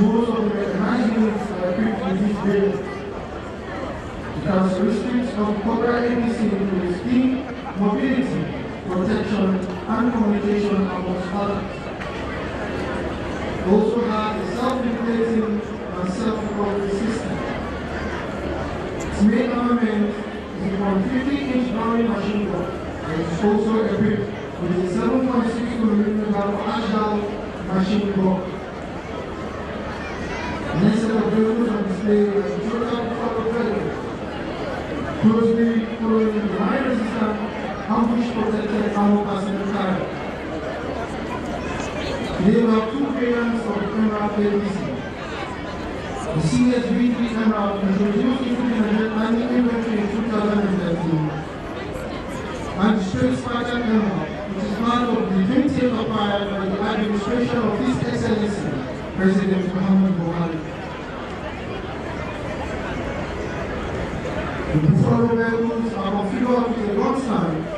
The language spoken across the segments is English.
most of the enhancements are equipped in this bill. It has restricts on corporate ABC to speed, mobility, protection, and communication amongst others. It also has a self replacing and self-recovery system. Its main armament is a 50 inch barrel machine gun and it is also equipped with a 7.6 mm agile machine gun. There were two variants of camera APC. The CSV3 camera was introduced in inventory in 2013. And the straight spider camera, which is part of the 20th of by the administration of His Excellency, President Muhammad Buhari. The Buffalo Rebels are configured with one sign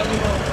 I don't know.